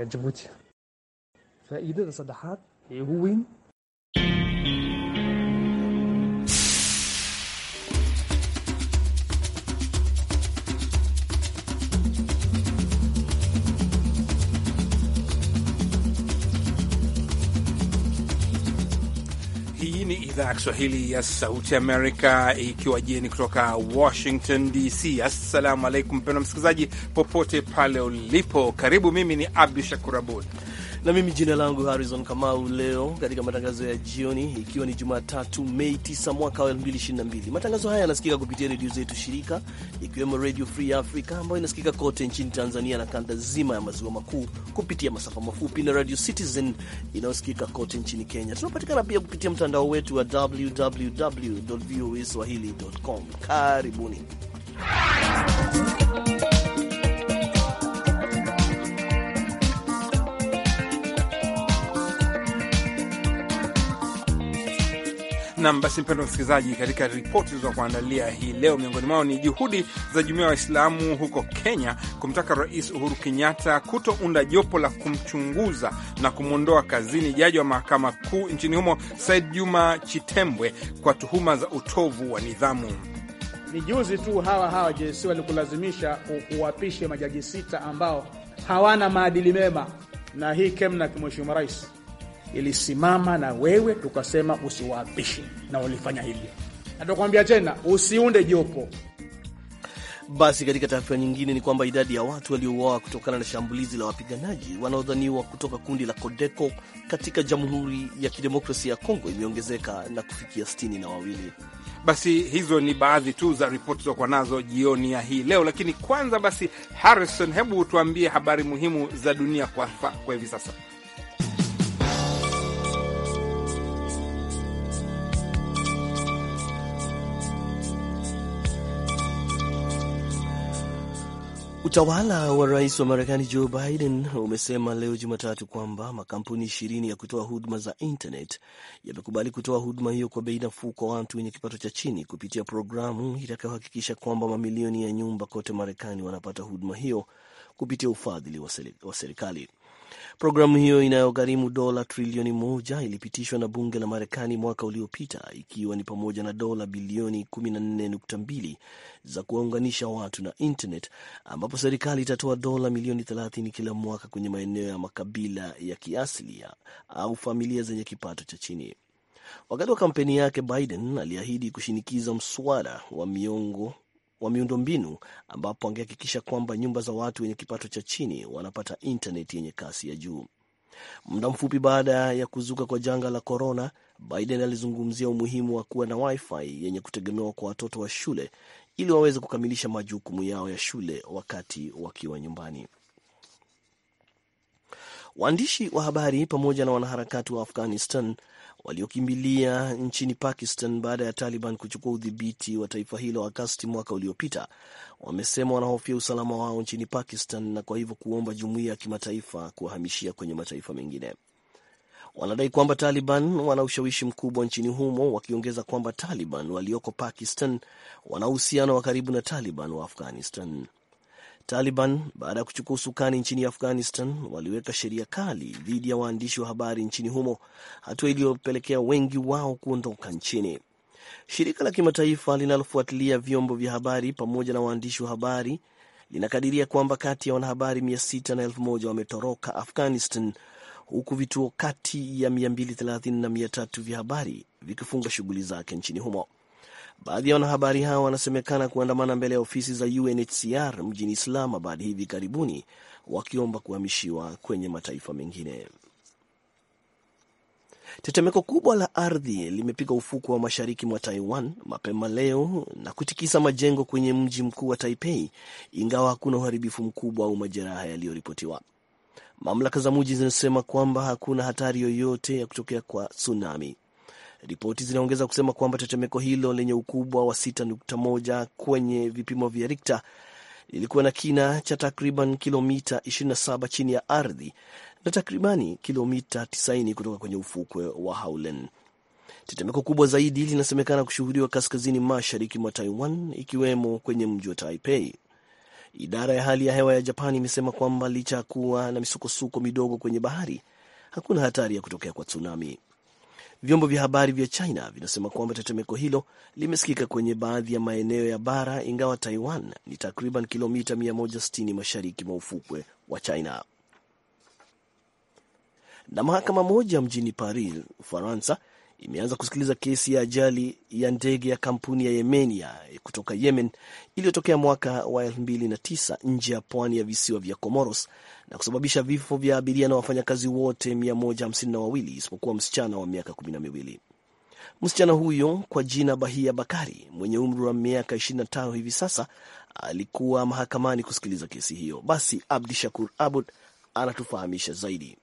ee jabuuti faa'iidada saddexaad ee ugu weyn idhaa ya Kiswahili ya Sauti Amerika ikiwa jeni kutoka Washington DC. Assalamu alaikum mpendwa msikilizaji, popote pale ulipo, karibu. Mimi ni Abdu Shakur Abud na mimi jina langu Harrison Kamau. Leo katika matangazo ya jioni, ikiwa ni Jumatatu Mei 9 mwaka wa 2022, matangazo haya yanasikika kupitia redio zetu shirika, ikiwemo Radio Free Africa ambayo inasikika kote nchini Tanzania na kanda zima ya maziwa makuu kupitia masafa mafupi na Radio Citizen inayosikika kote nchini Kenya. Tunapatikana pia kupitia mtandao wetu wa www voa swahili.com. Karibuni. Nam basi, mpendo msikilizaji, katika ripoti za kuandalia hii leo, miongoni mwao ni juhudi za jumuiya ya Waislamu huko Kenya kumtaka Rais Uhuru Kenyatta kutounda jopo la kumchunguza na kumwondoa kazini jaji wa mahakama kuu nchini humo Said Juma Chitembwe kwa tuhuma za utovu wa nidhamu. Ni juzi tu hawa hawa JSC walikulazimisha uwapishe majaji sita ambao hawana maadili mema, na hii kemna, Mheshimiwa Rais ilisimama na wewe, tukasema usiwapishe na walifanya hivyo. Natakwambia tena, usiunde jopo. Basi katika taarifa nyingine ni kwamba idadi ya watu waliouawa kutokana na shambulizi la wapiganaji wanaodhaniwa kutoka kundi la Kodeko katika Jamhuri ya Kidemokrasia ya Kongo imeongezeka na kufikia sitini na wawili. Basi hizo ni baadhi tu za ripoti zokwa nazo jioni ya hii leo, lakini kwanza basi, Harrison, hebu tuambie habari muhimu za dunia kwa hivi sasa. Utawala wa rais wa Marekani Joe Biden umesema leo Jumatatu kwamba makampuni ishirini ya kutoa huduma za internet yamekubali kutoa huduma hiyo kwa bei nafuu kwa watu wenye kipato cha chini kupitia programu itakayohakikisha kwamba mamilioni ya nyumba kote Marekani wanapata huduma hiyo kupitia ufadhili wa serikali. Programu hiyo inayogharimu dola trilioni moja ilipitishwa na bunge la Marekani mwaka uliopita ikiwa ni pamoja na dola bilioni 14.2 za kuwaunganisha watu na internet, ambapo serikali itatoa dola milioni 30 kila mwaka kwenye maeneo ya makabila ya kiasilia au familia zenye kipato cha chini. Wakati wa kampeni yake, Biden aliahidi kushinikiza mswada wa miongo wa miundombinu ambapo angehakikisha kwamba nyumba za watu wenye kipato cha chini wanapata intaneti yenye kasi ya juu. Muda mfupi baada ya kuzuka kwa janga la korona, Biden alizungumzia umuhimu wa kuwa na wifi yenye kutegemewa kwa watoto wa shule ili waweze kukamilisha majukumu yao ya shule wakati wakiwa nyumbani. Waandishi wa habari pamoja na wanaharakati wa Afghanistan waliokimbilia nchini Pakistan baada ya Taliban kuchukua udhibiti wa taifa hilo Agasti mwaka uliopita wamesema wanahofia usalama wao nchini Pakistan na kwa hivyo kuomba jumuiya ya kimataifa kuwahamishia kwenye mataifa mengine. Wanadai kwamba Taliban wana ushawishi mkubwa nchini humo, wakiongeza kwamba Taliban walioko Pakistan wana uhusiano wa karibu na Taliban wa Afghanistan. Taliban baada ya kuchukua usukani nchini Afghanistan waliweka sheria kali dhidi ya waandishi wa habari nchini humo, hatua iliyopelekea wengi wao kuondoka nchini. Shirika la kimataifa linalofuatilia vyombo vya habari pamoja na waandishi wa habari linakadiria kwamba kati ya wanahabari 600 na 1000 wametoroka Afghanistan, huku vituo kati ya 230 na 300 vya habari vikifunga shughuli zake nchini humo. Baadhi ya wanahabari hao wanasemekana kuandamana mbele ya ofisi za UNHCR mjini Islamabad hivi karibuni wakiomba kuhamishiwa kwenye mataifa mengine. Tetemeko kubwa la ardhi limepiga ufukwa wa mashariki mwa Taiwan mapema leo na kutikisa majengo kwenye mji mkuu wa Taipei, ingawa hakuna uharibifu mkubwa au majeraha yaliyoripotiwa. Mamlaka za mji zinasema kwamba hakuna hatari yoyote ya kutokea kwa tsunami. Ripoti zinaongeza kusema kwamba tetemeko hilo lenye ukubwa wa 6.1 kwenye vipimo vya Richter lilikuwa na kina cha takriban kilomita 27 chini ya ardhi na takribani kilomita 90 kutoka kwenye ufukwe wa Haulen. Tetemeko kubwa zaidi linasemekana kushuhudiwa kaskazini mashariki mwa Taiwan, ikiwemo kwenye mji wa Taipei. Idara ya hali ya hewa ya Japan imesema kwamba licha ya kuwa na misukosuko midogo kwenye bahari, hakuna hatari ya kutokea kwa tsunami. Vyombo vya habari vya China vinasema kwamba tetemeko hilo limesikika kwenye baadhi ya maeneo ya bara, ingawa Taiwan ni takriban kilomita 160 mashariki mwa ufukwe wa China. Na mahakama moja mjini Paris, Ufaransa, imeanza kusikiliza kesi ya ajali ya ndege ya kampuni ya Yemenia kutoka Yemen iliyotokea mwaka wa 2009 nje ya pwani ya visiwa vya Comoros na kusababisha vifo vya abiria na wafanyakazi wote 152 isipokuwa msichana wa miaka 12. Msichana huyo kwa jina Bahia Bakari mwenye umri wa miaka 25 hivi sasa alikuwa mahakamani kusikiliza kesi hiyo. Basi Abdi Shakur Abud anatufahamisha zaidi.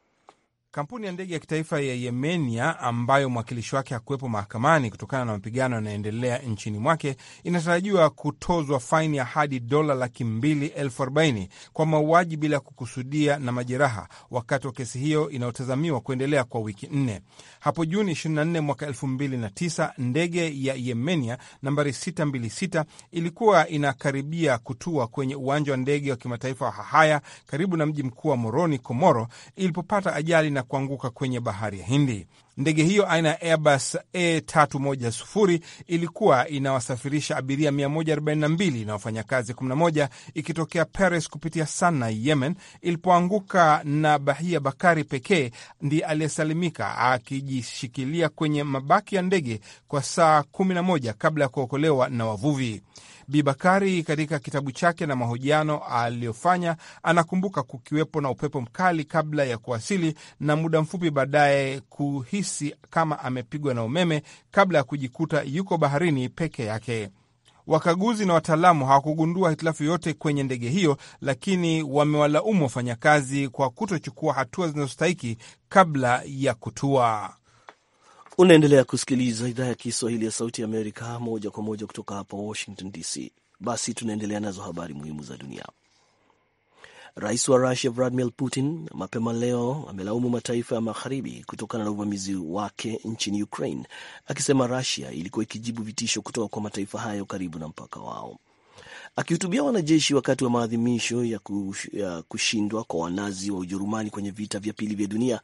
Kampuni ya ndege ya kitaifa ya Yemenia ambayo mwakilishi wake hakuwepo mahakamani kutokana na mapigano yanayoendelea nchini mwake inatarajiwa kutozwa faini ya hadi dola laki mbili elfu arobaini kwa mauaji bila kukusudia na majeraha, wakati wa kesi hiyo inayotazamiwa kuendelea kwa wiki nne. Hapo Juni 24 mwaka 2009 ndege ya Yemenia nambari 626 ilikuwa inakaribia kutua kwenye uwanja wa ndege wa kimataifa wa Hahaya karibu na mji mkuu wa Moroni, Komoro ilipopata ajali na kuanguka kwenye bahari ya Hindi. Ndege hiyo aina ya Airbus A310 ilikuwa inawasafirisha abiria 142 na wafanyakazi 11 ikitokea Paris kupitia Sana, Yemen, ilipoanguka na Bahia Bakari pekee ndiye aliyesalimika akijishikilia kwenye mabaki ya ndege kwa saa 11 kabla ya kuokolewa na wavuvi. Bi Bakari katika kitabu chake na mahojiano aliyofanya anakumbuka kukiwepo na upepo mkali kabla ya kuwasili na muda mfupi baadaye kuhisi kuhisi kama amepigwa na umeme kabla ya kujikuta yuko baharini peke yake. Wakaguzi na wataalamu hawakugundua hitilafu yoyote kwenye ndege hiyo, lakini wamewalaumu wafanyakazi kwa kutochukua hatua zinazostahiki kabla ya kutua. Unaendelea kusikiliza idhaa ya Kiswahili ya Sauti Amerika moja kwa moja kutoka hapa Washington DC. Basi tunaendelea nazo habari muhimu za dunia. Rais wa Rusia Vladimir Putin mapema leo amelaumu mataifa ya magharibi kutokana na uvamizi wake nchini Ukraine, akisema Rusia ilikuwa ikijibu vitisho kutoka kwa mataifa hayo karibu na mpaka wao. Akihutubia wanajeshi wakati wa maadhimisho ya, kush, ya kushindwa kwa wanazi wa Ujerumani kwenye vita vya pili vya dunia,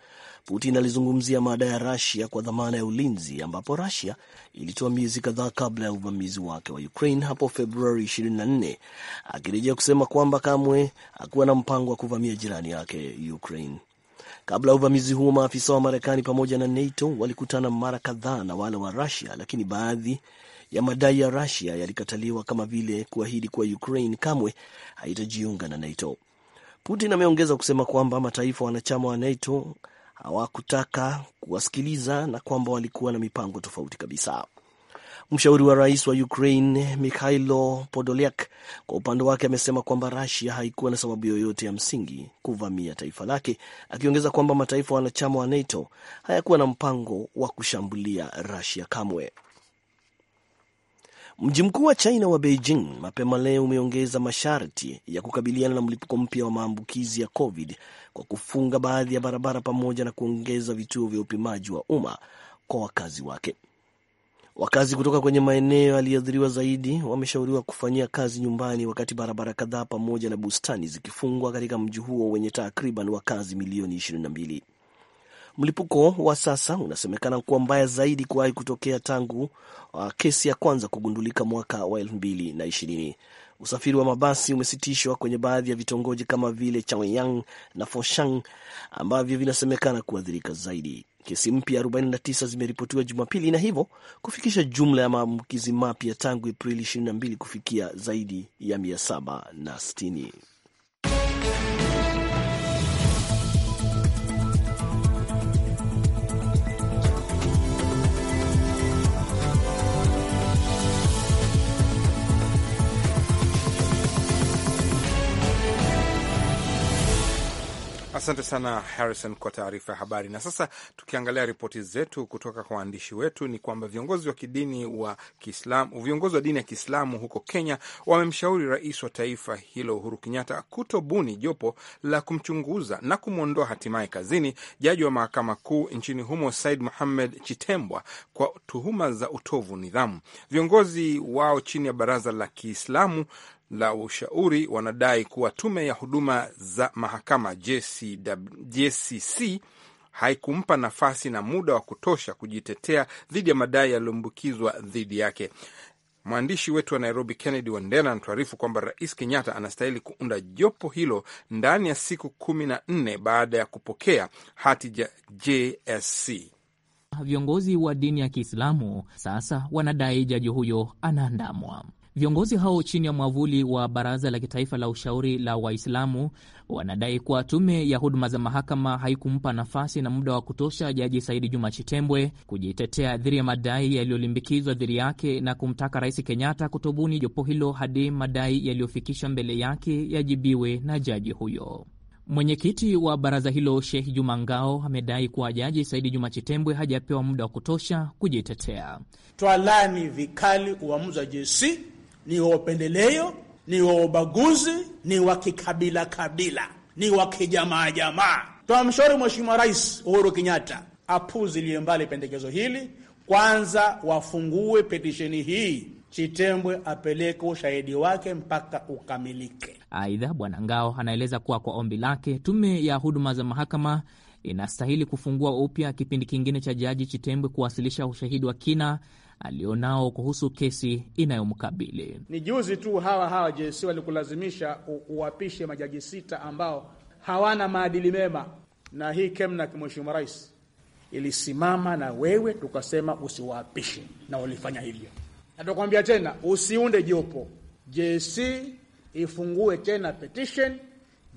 Putin alizungumzia mada ya rasia kwa dhamana ya ulinzi ambapo rasia ilitoa miezi kadhaa kabla ya uvamizi wake wa Ukraine hapo Februari 24, akirejea kusema kwamba kamwe hakuwa na mpango wa kuvamia jirani yake Ukraine. Kabla ya uvamizi huo, maafisa wa Marekani pamoja na NATO walikutana mara kadhaa na wale wa rusia lakini baadhi ya madai ya Rusia yalikataliwa kama vile kuahidi kuwa Ukraine kamwe haitajiunga na NATO. Putin ameongeza kusema kwamba mataifa wanachama wa NATO hawakutaka kuwasikiliza na kwamba walikuwa na mipango tofauti kabisa. Mshauri wa rais wa Ukraine Mikhailo Podolyak kwa upande wake amesema kwamba Rusia haikuwa na sababu yoyote ya msingi kuvamia taifa lake, akiongeza kwamba mataifa wanachama wa NATO hayakuwa na mpango wa kushambulia Rusia kamwe. Mji mkuu wa China wa Beijing mapema leo umeongeza masharti ya kukabiliana na mlipuko mpya wa maambukizi ya COVID kwa kufunga baadhi ya barabara pamoja na kuongeza vituo vya upimaji wa umma kwa wakazi wake. Wakazi kutoka kwenye maeneo yaliyoathiriwa zaidi wameshauriwa kufanyia kazi nyumbani, wakati barabara kadhaa pamoja na bustani zikifungwa katika mji huo wenye takriban wakazi milioni mbili. Mlipuko wa sasa unasemekana kuwa mbaya zaidi kuwahi kutokea tangu uh, kesi ya kwanza kugundulika mwaka wa elfu mbili na ishirini. Usafiri wa mabasi umesitishwa kwenye baadhi ya vitongoji kama vile Chaweyang na Foshang ambavyo vinasemekana kuathirika zaidi. Kesi mpya 49 zimeripotiwa Jumapili na hivyo kufikisha jumla ya maambukizi mapya tangu Aprili 22 kufikia zaidi ya 760. Asante sana Harrison kwa taarifa ya habari. Na sasa tukiangalia ripoti zetu kutoka kwa waandishi wetu, ni kwamba viongozi wa kidini wa Kiislamu, viongozi wa dini ya Kiislamu huko Kenya wamemshauri rais wa taifa hilo Uhuru Kenyatta kutobuni jopo la kumchunguza na kumwondoa hatimaye kazini jaji wa mahakama kuu nchini humo Said muhamed Chitembwa kwa tuhuma za utovu nidhamu. Viongozi wao chini ya baraza la Kiislamu la ushauri wanadai kuwa tume ya huduma za mahakama JCC haikumpa nafasi na muda wa kutosha kujitetea dhidi ya madai yaliyoambukizwa dhidi yake. Mwandishi wetu wa Nairobi, Kennedy Wandera, anatuarifu kwamba Rais Kenyatta anastahili kuunda jopo hilo ndani ya siku kumi na nne baada ya kupokea hati ya JSC. Viongozi wa dini ya Kiislamu sasa wanadai jaji huyo anaandamwa. Viongozi hao chini ya mwavuli wa Baraza la Kitaifa la Ushauri la Waislamu wanadai kuwa tume ya huduma za mahakama haikumpa nafasi na muda wa kutosha Jaji Saidi Juma Chitembwe kujitetea dhidi ya madai yaliyolimbikizwa dhidi yake na kumtaka Rais Kenyatta kutobuni jopo hilo hadi madai yaliyofikishwa mbele yake yajibiwe na jaji huyo. Mwenyekiti wa baraza hilo Sheikh Juma Ngao amedai kuwa jaji Saidi Juma Chitembwe hajapewa muda wa kutosha kujitetea. Twalani vikali uamuzi wa JSC ni wa upendeleo, ni wa ubaguzi, ni wa kikabila kabila, ni wa kijamaa jamaa. Twamshauri Mheshimiwa Rais Uhuru Kenyatta apuzilie mbali pendekezo hili. Kwanza wafungue petisheni hii, Chitembwe apeleke ushahidi wake mpaka ukamilike. Aidha, Bwana Ngao anaeleza kuwa kwa ombi lake, tume ya huduma za mahakama inastahili kufungua upya kipindi kingine cha Jaji Chitembwe kuwasilisha ushahidi wa kina alionao kuhusu kesi inayomkabili. Ni juzi tu hawa hawa JC walikulazimisha uwapishe majaji sita ambao hawana maadili mema, na hii Kemnak, Mheshimiwa Rais, ilisimama na wewe tukasema usiwaapishe, na walifanya hivyo, na tena usiunde jopo JC ifungue tena petition.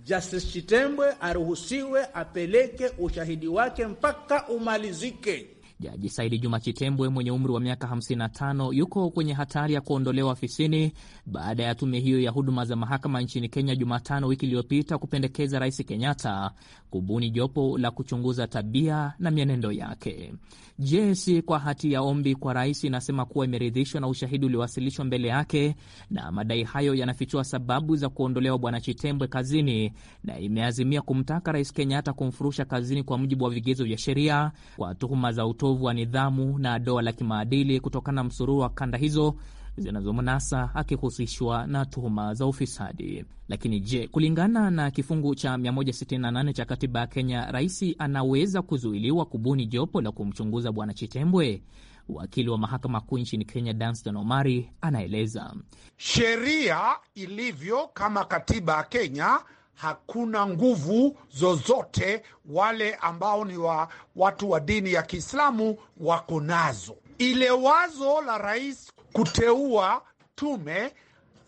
Justice Chitembwe aruhusiwe apeleke ushahidi wake mpaka umalizike. Jaji Saidi Juma Chitembwe mwenye umri wa miaka 55 yuko kwenye hatari ya kuondolewa ofisini baada ya tume hiyo ya huduma za mahakama nchini Kenya Jumatano wiki iliyopita kupendekeza Rais Kenyatta kubuni jopo la kuchunguza tabia na mienendo yake. JSC kwa hati ya ombi kwa rais inasema kuwa imeridhishwa na ushahidi uliowasilishwa mbele yake, na madai hayo yanafichua sababu za kuondolewa Bwana Chitembwe kazini, na imeazimia kumtaka Rais Kenyatta kumfurusha kazini kwa mujibu wa vigezo vya sheria kwa tuhuma za utovu wa nidhamu na doa la kimaadili kutokana na msururu wa kanda hizo zinazomnasa akihusishwa na tuhuma za ufisadi. Lakini je, kulingana na kifungu cha 168 cha katiba ya Kenya, rais anaweza kuzuiliwa kubuni jopo la kumchunguza bwana Chitembwe? Wakili wa mahakama kuu nchini Kenya, Danston Omari, anaeleza sheria ilivyo. Kama katiba ya Kenya, hakuna nguvu zozote wale ambao ni wa watu wa dini ya Kiislamu wako nazo. Ile wazo la rais kuteua tume,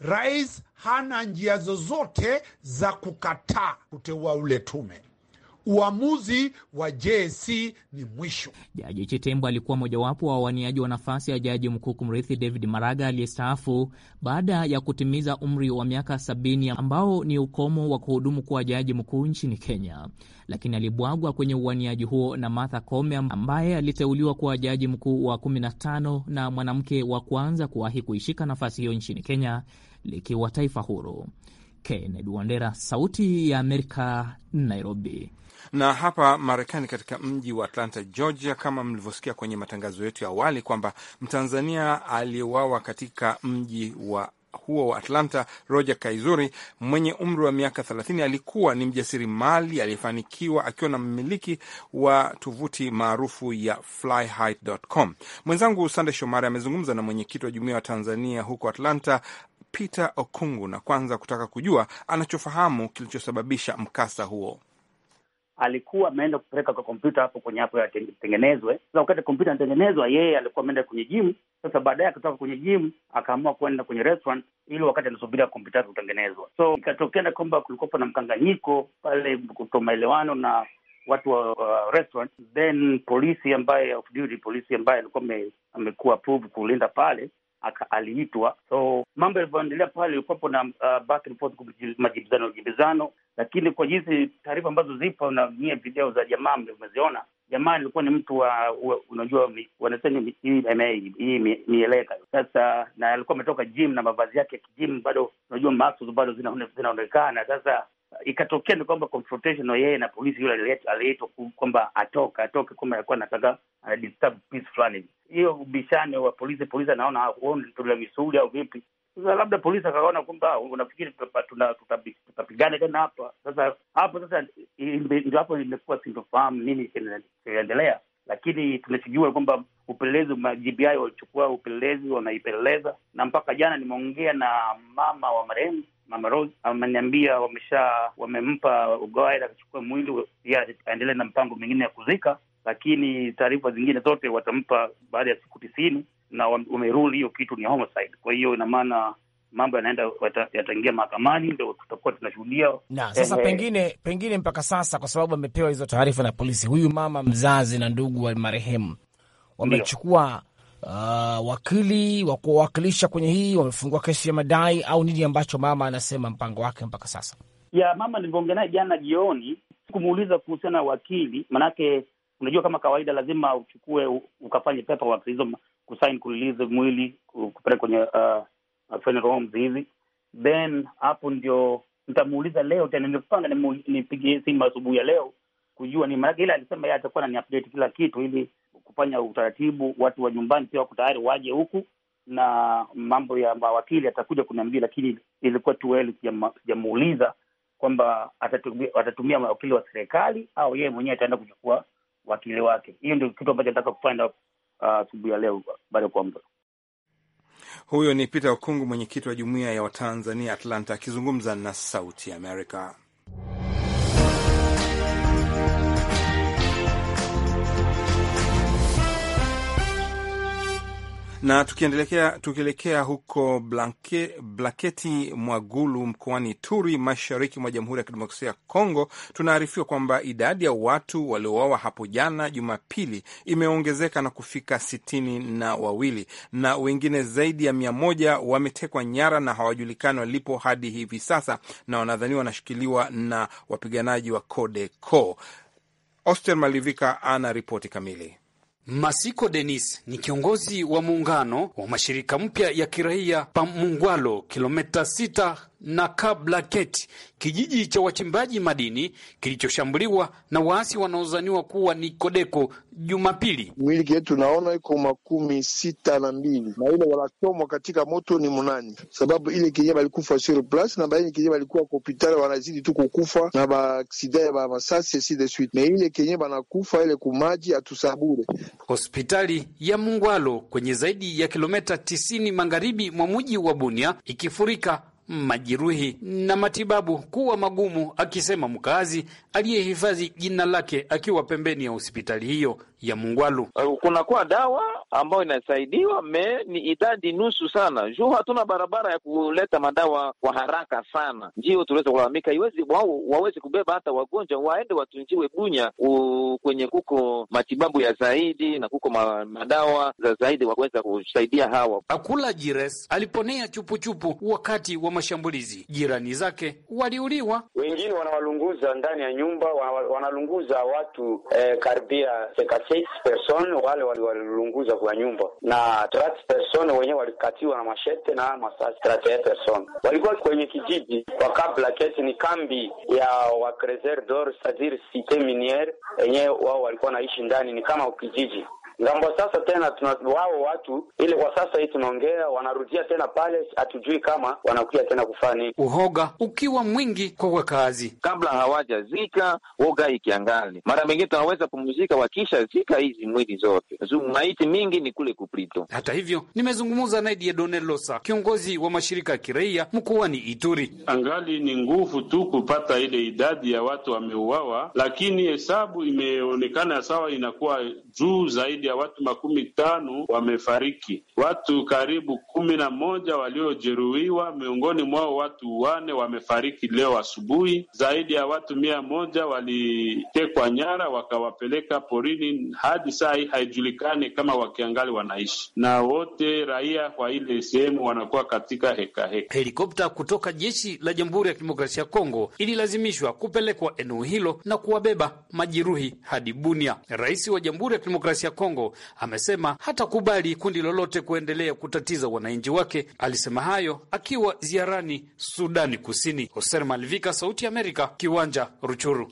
rais hana njia zozote za kukataa kuteua ule tume uamuzi wa JSC ni mwisho. Jaji Chitembo alikuwa mojawapo wa wawaniaji wa nafasi ya jaji mkuu kumrithi David Maraga aliyestaafu baada ya kutimiza umri wa miaka sabini ambao ni ukomo wa kuhudumu kuwa jaji mkuu nchini Kenya, lakini alibwagwa kwenye uwaniaji huo na Martha Koome ambaye aliteuliwa kuwa jaji mkuu wa 15 na mwanamke wa kwanza kuwahi kuishika nafasi hiyo nchini Kenya likiwa taifa huru. Kennedy Wandera, Sauti ya Amerika, Nairobi. Na hapa Marekani, katika mji wa Atlanta, Georgia, kama mlivyosikia kwenye matangazo yetu ya awali kwamba Mtanzania aliyeuawa katika mji wa huo wa Atlanta, Roger Kaizuri mwenye umri wa miaka thelathini alikuwa ni mali aliyefanikiwa akiwa na mmiliki wa tovuti maarufu ya flyhigh.com. Mwenzangu Sande Shomari amezungumza na mwenyekiti wa jumuiya wa Tanzania huko Atlanta, Peter Okungu, na kwanza kutaka kujua anachofahamu kilichosababisha mkasa huo alikuwa ameenda kupeleka kwa kompyuta hapo kwenye hapo yatengenezwe. Sasa wakati kompyuta inatengenezwa, yeye alikuwa ameenda kwenye jimu. Sasa baadaye akatoka kwenye jimu akaamua kuenda kwenye restaurant ili wakati anasubiria kompyuta yake kutengenezwa. So ikatokea na kwamba kulikuwa na mkanganyiko pale, kuto maelewano na watu wa uh, restaurant. Then polisi ambaye off duty, polisi ambaye alikuwa amekuwa approved kulinda pale aliitwa. So mambo yalivyoendelea pale, ilikuwapo na uh, back and forth, majibizano lakini kwa jinsi taarifa ambazo zipo na nyie video za jamaa mmeziona, jamaa alikuwa ni mtu wa unajua wanasema hii mieleka. Sasa na alikuwa ametoka gym na mavazi yake ya kijim, bado unajua muscles bado zinaonekana. Sasa ikatokea ni kwamba confrontation yeye na polisi yule aliyeitwa kwamba atoke atoke, kwamba alikuwa anataka ana uh, disturb peace fulani, hiyo ubishane wa polisi, polisi anaona ah, tuna misuli au vipi? Sasa labda polisi akaona kwamba ah, unafikiri tutapigana tena hapa sasa. Hapo sasa ndio hapo imekuwa sintofahamu nini kinaendelea, lakini tunachojua kwamba upelelezi majibi walichukua upelelezi, wanaipeleleza na mpaka jana nimeongea na mama wa marehemu Mama Rose ameniambia wamesha wamempa ugawaida akachukua mwili aendelee na mpango mwingine ya kuzika, lakini taarifa zingine zote watampa baada ya siku tisini na wameruli hiyo kitu ni homicide. Kwa hiyo ina maana mambo yanaenda yataingia mahakamani, ndo tutakuwa tunashuhudia na sasa. Pengine pengine mpaka sasa, kwa sababu amepewa hizo taarifa na polisi, huyu mama mzazi na ndugu wa marehemu wamechukua uh, wakili wa kuwakilisha kwenye hii, wamefungua kesi ya madai au nini ambacho mama anasema mpango wake mpaka sasa? Ya mama nilivyoongea naye jana jioni, kumuuliza kuhusiana na wakili, manake unajua kama kawaida lazima uchukue ukafanye paperwork hizo, kusain kulilize mwili kupeleka kwenye uh, uh, funeral homes hizi, then hapo ndio nitamuuliza leo tena, nimepanga nipigie simu asubuhi ya leo kujua ni maanake, ile alisema yeye atakuwa ananiupdate kila kitu ili kufanya utaratibu, watu wa nyumbani pia wako tayari waje huku, na mambo ya mawakili atakuja kuniambia, lakini ilikuwa tueli, sijamuuliza kwamba atatumia, mawakili wa serikali au yeye mwenyewe ataenda kuchukua wakili wake. Hiyo ndio kitu ambacho nataka kufanya uh, asubuhi uh, ya leo baada ya kuamka. Huyo ni Peter Okungu, mwenyekiti wa jumuiya ya Watanzania Atlanta, akizungumza na Sauti Amerika. Na tukielekea huko blanke, Blaketi Mwagulu mkoani Turi, mashariki mwa Jamhuri ya Kidemokrasia ya Kongo, tunaarifiwa kwamba idadi ya watu waliouawa hapo jana Jumapili imeongezeka na kufika sitini na wawili na wengine zaidi ya mia moja wametekwa nyara na hawajulikani walipo hadi hivi sasa, na wanadhaniwa wanashikiliwa na wapiganaji wa Codeco. Oster Malivika ana ripoti kamili. Masiko Denis ni kiongozi wa muungano wa mashirika mpya ya kiraia pa Mungwalo kilomita sita na kabla keti, kijiji cha wachimbaji madini kilichoshambuliwa na waasi wanaozaniwa kuwa ni Kodeko Jumapili. Miliki yetu naona iko makumi sita na mbili na ile wanachomwa katika moto ni mnani, sababu ile kenye balikufa sur place na baini kenye balikuwa kopitale wanazidi tu kukufa na baaksida ya bamasasi si de suite, na ile kenye banakufa ile kumaji atusabure. Hospitali ya Mungwalo kwenye zaidi ya kilometa tisini magharibi mwa mji wa Bunia ikifurika majeruhi na matibabu kuwa magumu, akisema mkazi aliyehifadhi jina lake akiwa pembeni ya hospitali hiyo ya Mungwalu. Kunakuwa dawa ambayo inasaidiwa me ni idadi nusu sana, juu hatuna barabara ya kuleta madawa kwa haraka sana, ndio tunaweza kulalamika. Iwezi wao wawezi kubeba hata wagonjwa waende watunjiwe Bunya u, kwenye kuko matibabu ya zaidi na kuko ma, madawa za zaidi wakuweza kusaidia hawa. Akula Jires aliponea chupuchupu wakati wa mashambulizi, jirani zake waliuliwa, wengine wanawalunguza ndani ya nyumba, wanalunguza watu eh, karibia person wale waliwalunguza kwa nyumba, na trente persone wenyewe walikatiwa na mashete na masasi trente persone walikuwa kwenye kijiji kwa kabla kesi ni kambi ya wa d'Or Sadir Cite Miniere, enyewe wao walikuwa naishi ndani, ni kama kijiji ngambo. Sasa tena tuna wao watu ile, kwa sasa hii tunaongea, wanarudia tena pale, hatujui kama wanakuja tena kufani. Uhoga ukiwa mwingi kwa wakazi, kabla hawaja zika woga ikiangali, mara mengine tunaweza kumuzika zika hizi mwili zote, maiti mingi ni kule kuplito. Hata hivyo, nimezungumza naye Dieudonne Losa, kiongozi wa mashirika ya kiraia mkoani Ituri. Angali ni nguvu tu kupata ile idadi ya watu wameuawa, lakini hesabu imeonekana sawa inakuwa juu zaidi ya watu makumi tano wamefariki, watu karibu kumi na moja waliojeruhiwa, miongoni mwao watu wane wamefariki leo asubuhi. Zaidi ya watu mia moja walitekwa nyara wakawapeleka porini, hadi saa hii haijulikani kama wakiangali wanaishi, na wote raia kwa ile sehemu wanakuwa katika hekaheka. Helikopta kutoka jeshi la Jamhuri ya Kidemokrasia ya Kongo ililazimishwa kupelekwa eneo hilo na kuwabeba majeruhi hadi Bunia. Rais wa Jamhuri ya Kidemokrasia ya Kongo Kongo amesema hatakubali kundi lolote kuendelea kutatiza wananchi wake. Alisema hayo akiwa ziarani Sudani Kusini. Hoser Malivika, Sauti ya Amerika, kiwanja Ruchuru.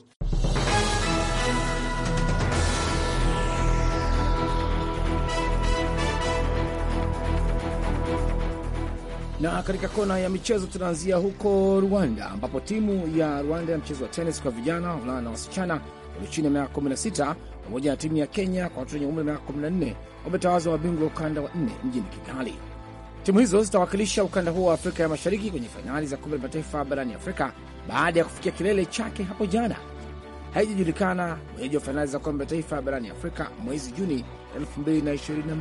Na katika kona ya michezo tunaanzia huko Rwanda, ambapo timu ya Rwanda ya mchezo wa tenis kwa vijana, wavulana na wasichana walio chini ya miaka 16 pamoja na timu ya Kenya kwa watoto wenye umri wa miaka 14 wametawaza wabingwa wa ukanda wa nne mjini Kigali. Timu hizo zitawakilisha ukanda huo wa Afrika ya Mashariki kwenye fainali za kombe la mataifa barani Afrika baada ya kufikia kilele chake hapo jana. Haijajulikana mwenyeji wa fainali za kombe la mataifa barani Afrika mwezi Juni 2022.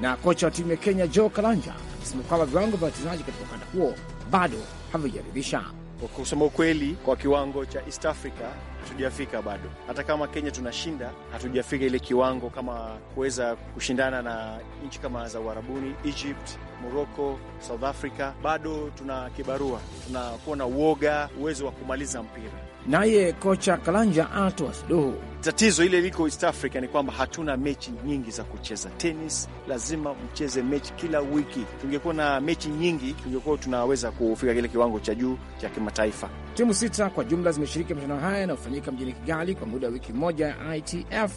Na kocha wa timu ya Kenya Joe Kalanja amesema kwamba viwango vya wachezaji katika ukanda huo bado havijaridhisha. Kwa kusema ukweli, kwa kiwango cha East Africa hatujafika bado. Hata kama Kenya tunashinda, hatujafika ile kiwango kama kuweza kushindana na nchi kama za Uarabuni, Egypt, Morocco, South Africa. Bado tuna kibarua, tunakuwa na uoga, uwezo wa kumaliza mpira. Naye kocha Kalanja Atwas Doho Tatizo ile liko East Africa ni kwamba hatuna mechi nyingi za kucheza tenis. Lazima mcheze mechi kila wiki. Tungekuwa na mechi nyingi, tungekuwa tunaweza kufika kile kiwango cha juu cha kimataifa. Timu sita kwa jumla zimeshiriki mashindano haya yanayofanyika mjini Kigali kwa muda wa wiki moja ya ITF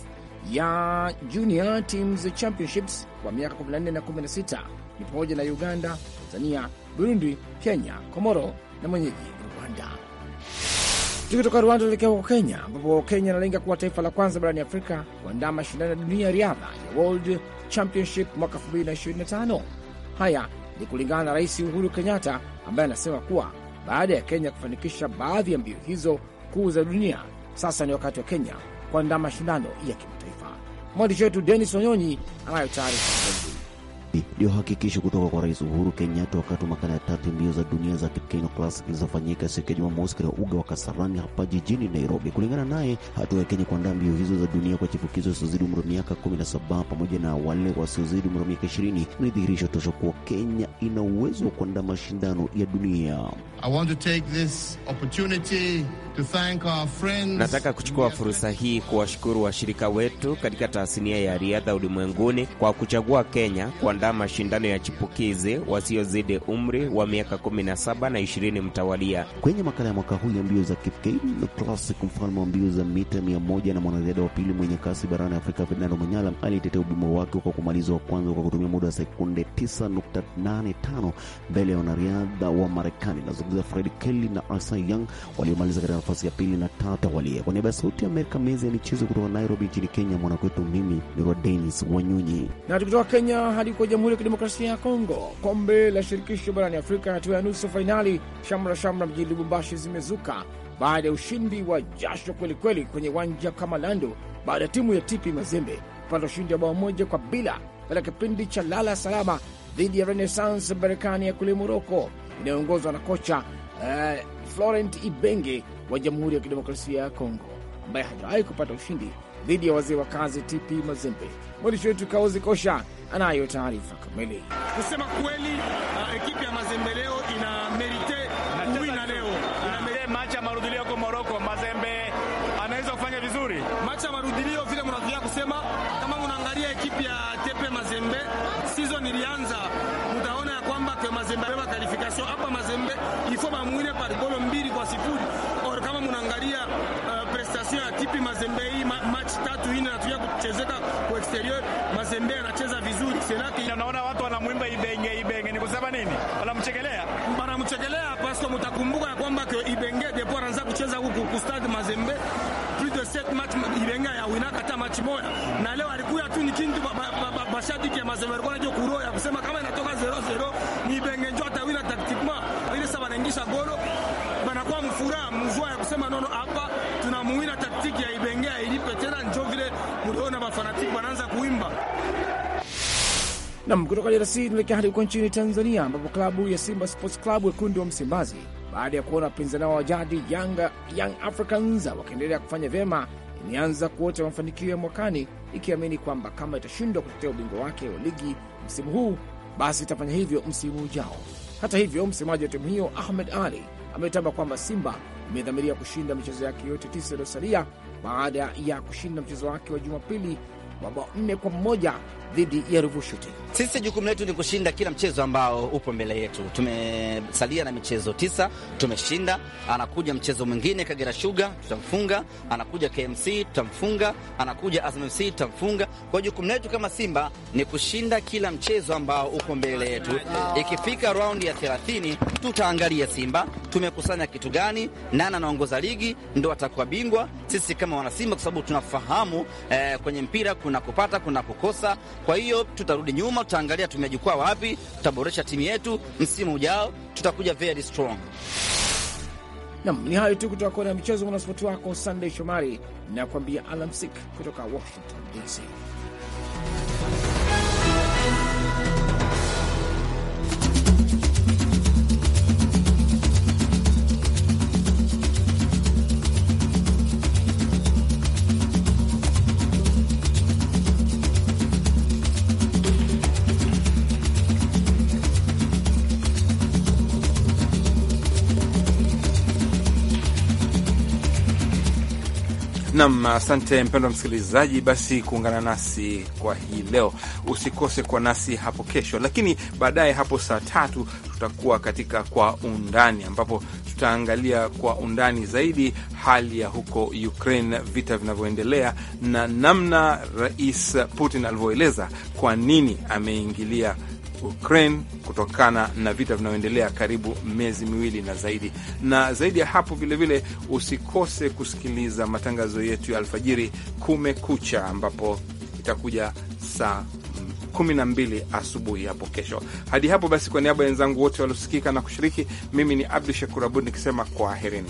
ya Junior Teams Championships kwa miaka 14 na 16 ni pamoja na Uganda, Tanzania, Burundi, Kenya, Komoro na mwenyeji Rwanda. Tukitoka Rwanda tuelekea huko Kenya, ambapo Kenya inalenga kuwa taifa la kwanza barani Afrika kuandaa mashindano ya dunia ya riadha ya World Championship mwaka 2025. Haya ni kulingana na Rais Uhuru Kenyatta ambaye anasema kuwa baada ya Kenya kufanikisha baadhi ya mbio hizo kuu za dunia, sasa ni wakati wa Kenya kuandaa mashindano ya kimataifa. Mwandishi wetu Denis Onyonyi anayo taarifa zaidi. Nairobi ndio hakikisho kutoka kwa Rais Uhuru Kenyatta wakati wa makala ya tatu mbio za dunia za Kenya Classic zilizofanyika siku ya Jumamosi katika uga wa Kasarani hapa jijini Nairobi. Kulingana naye, hatua ya Kenya kuandaa mbio hizo za dunia kwa chipukizo wasiozidi umri wa miaka 17 pamoja na wale wasiozidi umri wa miaka 20 ni dhihirisho tosha kuwa Kenya ina uwezo wa kuandaa mashindano ya dunia. I want to take this opportunity Nataka kuchukua fursa hii kuwashukuru washirika wetu katika tasnia ya riadha ulimwenguni kwa kuchagua Kenya kuandaa mashindano ya chipukizi wasiozidi umri wa miaka 17 na 20 mtawalia. Kwenye makala ya mwaka huu ya mbio za Kipkei Classic, mfalme wa mbio za mita 100 na mwanariadha wa pili mwenye kasi barani Afrika fernando Manyala alitetea ubingwa wake kwa kumaliza wa kwanza kwa kutumia muda wa sekunde 9.85 mbele ya wanariadha wa Marekani. Nazungumza Fred Kelly na Asa Young waliomaliza katika nafasi ya pili na tatu walie. Kwa niaba ya Sauti ya Amerika, mezi ya michezo kutoka Nairobi nchini Kenya, mwanakwetu mimi ni wa Denis Wanyunyi. Na tukitoka Kenya hadi kwa Jamhuri ya Kidemokrasia ya Kongo, kombe la shirikisho barani Afrika, hatua ya nusu fainali, shamra shamra mjini Lubumbashi zimezuka baada ya ushindi wa jasho kwelikweli kwenye uwanja kama Lando baada ya timu ya Tipi Mazembe kupata ushindi wa bao moja kwa bila katika kipindi cha lala salama dhidi ya Renaissance Berkane ya kule Moroko inayoongozwa na kocha eh, Florent Ibenge wa Jamhuri ya Kidemokrasia ya Kongo, ambaye hajawahi kupata ushindi dhidi ya wazee wa kazi TP Mazembe. Mwandishi wetu Kaozi Kosha anayo taarifa kamili. Kusema kweli, uh, ekipi ya Mazembe leo ina merite tipi Mazembe hii ma, match tatu ine natuia kuchezeka ku exterior. Mazembe anacheza vizuri Senati, naona watu wanamwimba ibenge ibenge, ni kusema nini? Wanamchekelea, wanamchekelea paske mutakumbuka ya kwamba kwa ibenge depo anaanza kucheza huku ku stade Mazembe plus de sept match ibenge ya wina kata match moja, na leo alikuwa tu ni kintu bashabiki ya Mazembe alikuwa anajua kuro ya kusema kama inatoka 0-0 ni ibenge njoo atawina tactiquement, ile sababu wanaingisha golo banakuwa mfuraha mvua ya kusema nono hapa tunamuwina fanatiki ya Ibengea ilipe tena, njo vile muliona mafanatiki wanaanza kuimba. Nam kutoka DRC tunaelekea hadi huko nchini Tanzania, ambapo klabu ya Simba Sports Club wekundu wa Msimbazi, baada ya kuona wapinzani wao wa jadi Yanga Young Africans wakiendelea kufanya vyema, imeanza kuota mafanikio ya mwakani, ikiamini kwamba kama itashindwa kutetea ubingwa wake wa ligi msimu huu, basi itafanya hivyo msimu ujao. Hata hivyo, msemaji wa timu hiyo Ahmed Ali ametamba kwamba Simba imedhamiria kushinda michezo yake yote tisa iliyosalia baada ya kushinda mchezo wake wa Jumapili mabao nne kwa mmoja dhidi ya Ruvu Ruvushuti. Sisi jukumu letu ni kushinda kila mchezo ambao upo mbele yetu. Tumesalia na michezo tisa, tumeshinda. Anakuja mchezo mwingine, Kagera Sugar tutamfunga, anakuja KMC tutamfunga, anakuja Azam FC tutamfunga. Kwa jukumu letu kama Simba ni kushinda kila mchezo ambao upo mbele yetu. Ikifika raundi ya thelathini, tutaangalia Simba tumekusanya kitu gani, nani anaongoza ligi, ndo atakuwa bingwa. Sisi kama wanasimba, kwa sababu tunafahamu eh, kwenye mpira kuna kupata, kuna kukosa kwa hiyo tutarudi nyuma, tutaangalia tumejikwaa wapi, tutaboresha timu yetu. Msimu ujao tutakuja very strong. Nam, ni hayo tu kutoka kona ya michezo. Mwanaspoti wako Sandey Shomari na kuambia alamsik kutoka Washington DC. Nam, asante mpendwa msikilizaji, basi kuungana nasi kwa hii leo. Usikose kwa nasi hapo kesho, lakini baadaye hapo saa tatu tutakuwa katika Kwa Undani, ambapo tutaangalia kwa undani zaidi hali ya huko Ukraine, vita vinavyoendelea na namna Rais Putin alivyoeleza kwa nini ameingilia Ukraine kutokana na vita vinavyoendelea karibu miezi miwili na zaidi. Na zaidi ya hapo, vilevile usikose kusikiliza matangazo yetu ya alfajiri Kumekucha, ambapo itakuja saa 12 asubuhi hapo kesho. Hadi hapo basi, kwa niaba ya wenzangu wote waliosikika na kushiriki, mimi ni Abdu Shakur Abud nikisema kwaherini.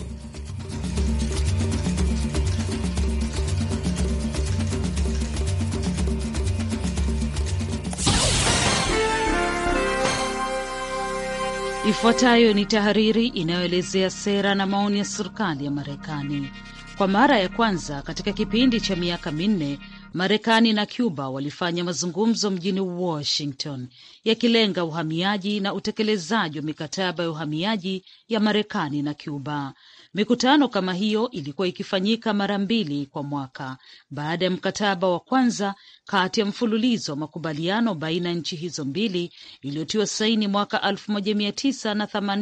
Ifuatayo ni tahariri inayoelezea sera na maoni ya serikali ya Marekani. Kwa mara ya kwanza katika kipindi cha miaka minne, Marekani na Cuba walifanya mazungumzo mjini Washington yakilenga uhamiaji na utekelezaji wa mikataba ya uhamiaji ya Marekani na Cuba. Mikutano kama hiyo ilikuwa ikifanyika mara mbili kwa mwaka baada ya mkataba wa kwanza kati ya mfululizo wa makubaliano baina ya nchi hizo mbili iliyotiwa saini mwaka 1984. moja mia tisa na na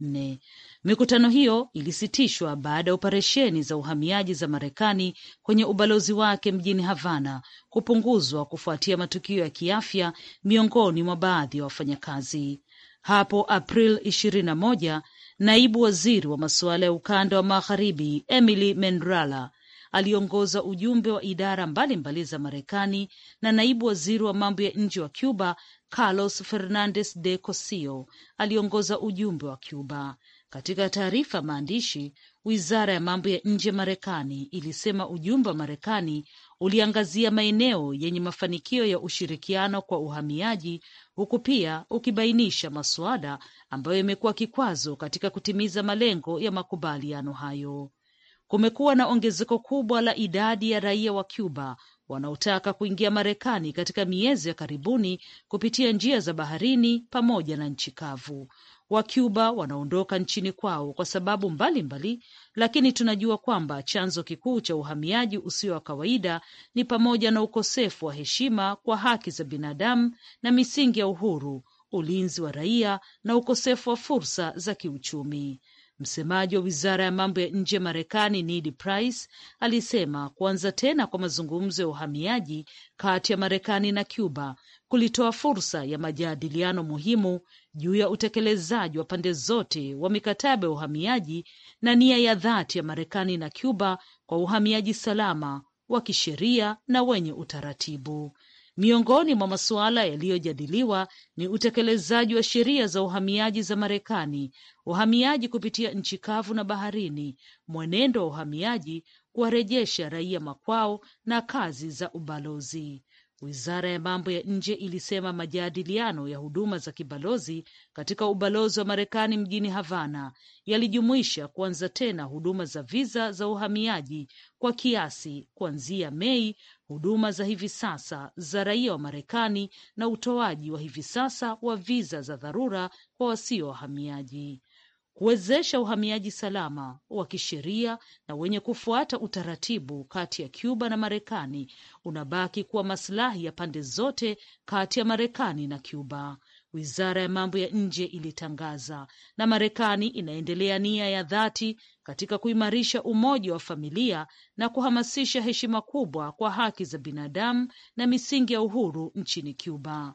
nne. Mikutano hiyo ilisitishwa baada ya operesheni za uhamiaji za Marekani kwenye ubalozi wake mjini Havana kupunguzwa kufuatia matukio ya kiafya miongoni mwa baadhi ya wafanyakazi. Hapo April 21 Naibu waziri wa masuala ya ukanda wa magharibi Emily Mendrala aliongoza ujumbe wa idara mbalimbali za Marekani na naibu waziri wa mambo ya nje wa Cuba Carlos Fernandez de Cosio aliongoza ujumbe wa Cuba. Katika taarifa maandishi, wizara ya mambo ya nje Marekani ilisema ujumbe wa Marekani uliangazia maeneo yenye mafanikio ya ushirikiano kwa uhamiaji, huku pia ukibainisha masuala ambayo yamekuwa kikwazo katika kutimiza malengo ya makubaliano hayo. Kumekuwa na ongezeko kubwa la idadi ya raia wa Cuba wanaotaka kuingia Marekani katika miezi ya karibuni kupitia njia za baharini pamoja na nchi kavu. Wacuba wanaondoka nchini kwao kwa sababu mbalimbali mbali, lakini tunajua kwamba chanzo kikuu cha uhamiaji usio wa kawaida ni pamoja na ukosefu wa heshima kwa haki za binadamu na misingi ya uhuru, ulinzi wa raia na ukosefu wa fursa za kiuchumi. Msemaji wa wizara ya mambo ya nje ya Marekani Ned Price alisema kuanza tena kwa mazungumzo ya uhamiaji kati ya Marekani na Cuba kulitoa fursa ya majadiliano muhimu juu ya utekelezaji wa pande zote wa mikataba ya uhamiaji na nia ya dhati ya Marekani na Cuba kwa uhamiaji salama wa kisheria na wenye utaratibu. Miongoni mwa masuala yaliyojadiliwa ni utekelezaji wa sheria za uhamiaji za Marekani, uhamiaji kupitia nchi kavu na baharini, mwenendo wa uhamiaji, kuwarejesha raia makwao na kazi za ubalozi. Wizara ya mambo ya nje ilisema majadiliano ya huduma za kibalozi katika ubalozi wa Marekani mjini Havana yalijumuisha kuanza tena huduma za viza za uhamiaji kwa kiasi kuanzia Mei, huduma za hivi sasa za raia wa Marekani na utoaji wa hivi sasa wa viza za dharura kwa wasio wahamiaji kuwezesha uhamiaji salama wa kisheria na wenye kufuata utaratibu kati ya Cuba na Marekani unabaki kuwa masilahi ya pande zote kati ya Marekani na Cuba, wizara ya mambo ya nje ilitangaza. Na Marekani inaendelea nia ya dhati katika kuimarisha umoja wa familia na kuhamasisha heshima kubwa kwa haki za binadamu na misingi ya uhuru nchini Cuba.